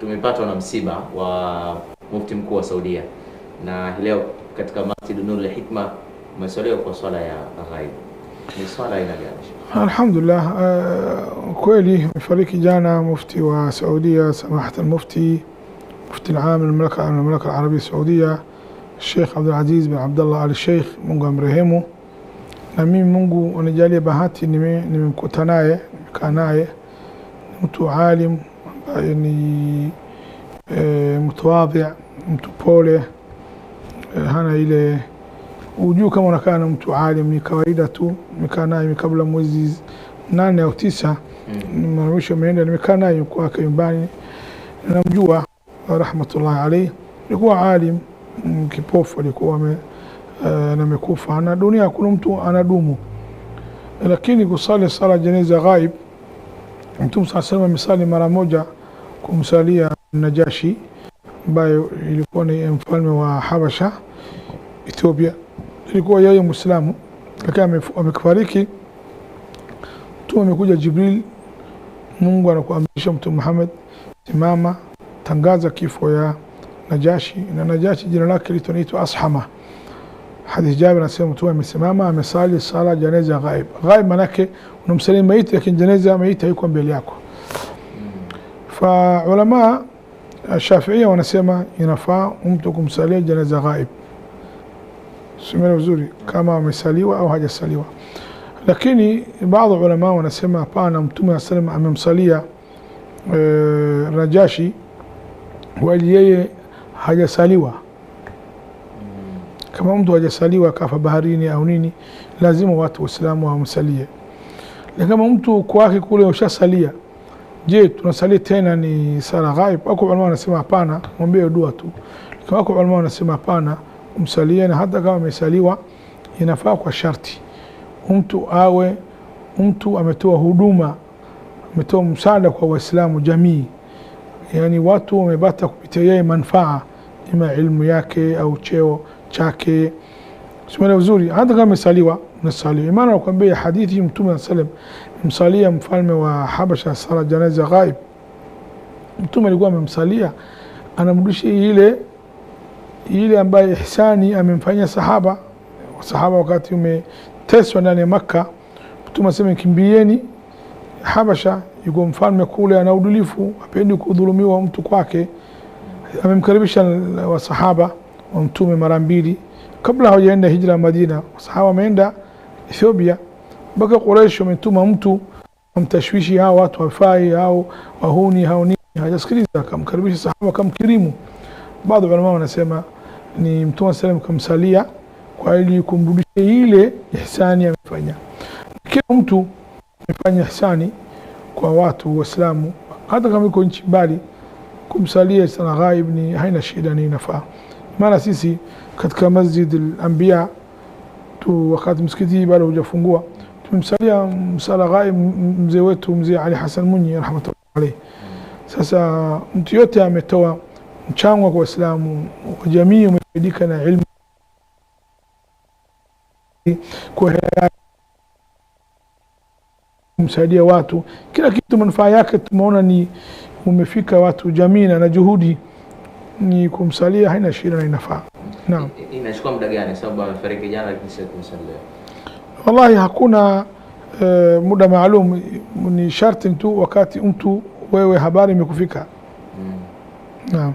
tumepatwa na msiba wa mufti mkuu wa Saudia, na leo katika Masjid Nurul Hikma umesolewa kwa swala ya ghaibu. Ni swala aina gani? Alhamdulillah, uh, kweli amefariki jana mufti wa Saudia, samahat almufti mufti alam almamlaka almamlaka alarabia saudia Sheikh Abdulaziz bin Abdullah al Sheikh, Mungu amrehemu. Na mimi Mungu anijalie bahati nimemkuta nime naye nimekaa naye, mtu alim yani e, mutawadhi mtu pole e, hana ile ujuu kama unakaa na mtu alim ni kawaida tu nimekaa naye kabla mwezi nane au tisa mm. marusho ameenda nimekaa naye kwake nyumbani namjua rahmatullahi alayhi alikuwa alim kipofu alikuwa me, e, namekufa na dunia kuna mtu anadumu lakini kusali sala jeneza ghaib mtume saa salam amesali mara moja kumsalia Najashi ambayo ilikuwa ni mfalme wa Habasha Ethiopia, ilikuwa yeye Muislamu, lakini amefariki tu. Amekuja Jibril, Mungu anakuamrisha Mtume Muhammad, simama, tangaza kifo ya Najashi. Na Najashi jina lake litonaitwa Ashama. Hadith Jabir anasema Mtume amesimama, amesali sala janeza ghaib. Ghaib manake unamsalimia maiti, lakini janeza maiti haiko mbele yako fa ulama Shafiia wanasema inafaa mtu kumsalia janaza ghaib, simena vizuri kama amesaliwa au hajasaliwa, lakini baadhi ulama wanasema hapana, Mtume wa sallam amemsalia e, Najashi wali yeye hajasaliwa. Kama mtu hajasaliwa kafa baharini au nini, lazima watu Waislamu wamsalie, lakini kama mtu kwake kule ushasalia Je, tunasali tena ni sala ghaib? Wako ulama wanasema hapana, mwambie dua tu, wako ulama wanasema hapana, umsalie na hata kama amesaliwa inafaa kwa sharti mtu awe mtu ametoa huduma, ametoa msaada kwa Waislamu jamii, yani watu wamepata kupitia yeye manufaa, ima ilmu yake au cheo chake, simele vizuri, hata kama amesaliwa unasaliwa. Maana nakwambia hadithi Mtume salam msalia mfalme wa Habasha sala janaza ghaib, Mtume alikuwa amemsalia anamrudisha ile ile ambaye ihsani amemfanyia sahaba sahaba, wakati umeteswa ndani ya Makka, Mtume asema kimbieni Habasha, yuko mfalme kule ana udulifu, apendi kudhulumiwa mtu kwake. Amemkaribisha wasahaba wa Mtume mara mbili kabla hawajaenda hijra Madina, wasahaba wameenda Ethiopia mpaka Quraysh wametuma mtu wamtashwishi hao watu wafai hao wahuni hao nini, hajasikiliza akamkaribisha sahaba akamkirimu. Baadhi ya ulama wanasema ni Mtume sallam kamsalia kwa ajili kumrudisha ile ihsani amefanya. Kila mtu amefanya ihsani kwa watu Waislamu, hata kama iko nchi mbali, kumsalia sana ghaib ni haina shida, ni inafaa. Maana sisi katika Masjid al-Anbiya tu wakati msikiti bado hujafungua tumemsalia msala ghai mzee wetu mzee Ali Hassan Mwinyi rahmatullahi alayhi. Sasa mtu yote ametoa mchango kwa Waislamu, jamii umefaidika na ilmu kumsaidia watu, kila kitu manufaa yake tumeona ni umefika watu, jamii na juhudi ni kumsalia, haina shida na inafaa. Naam. Inachukua muda gani sababu amefariki jana lakini sisi tumesambea? Wallahi hakuna e, muda maalum, ni sharti tu wakati mtu wewe habari imekufika. Mm. Naam.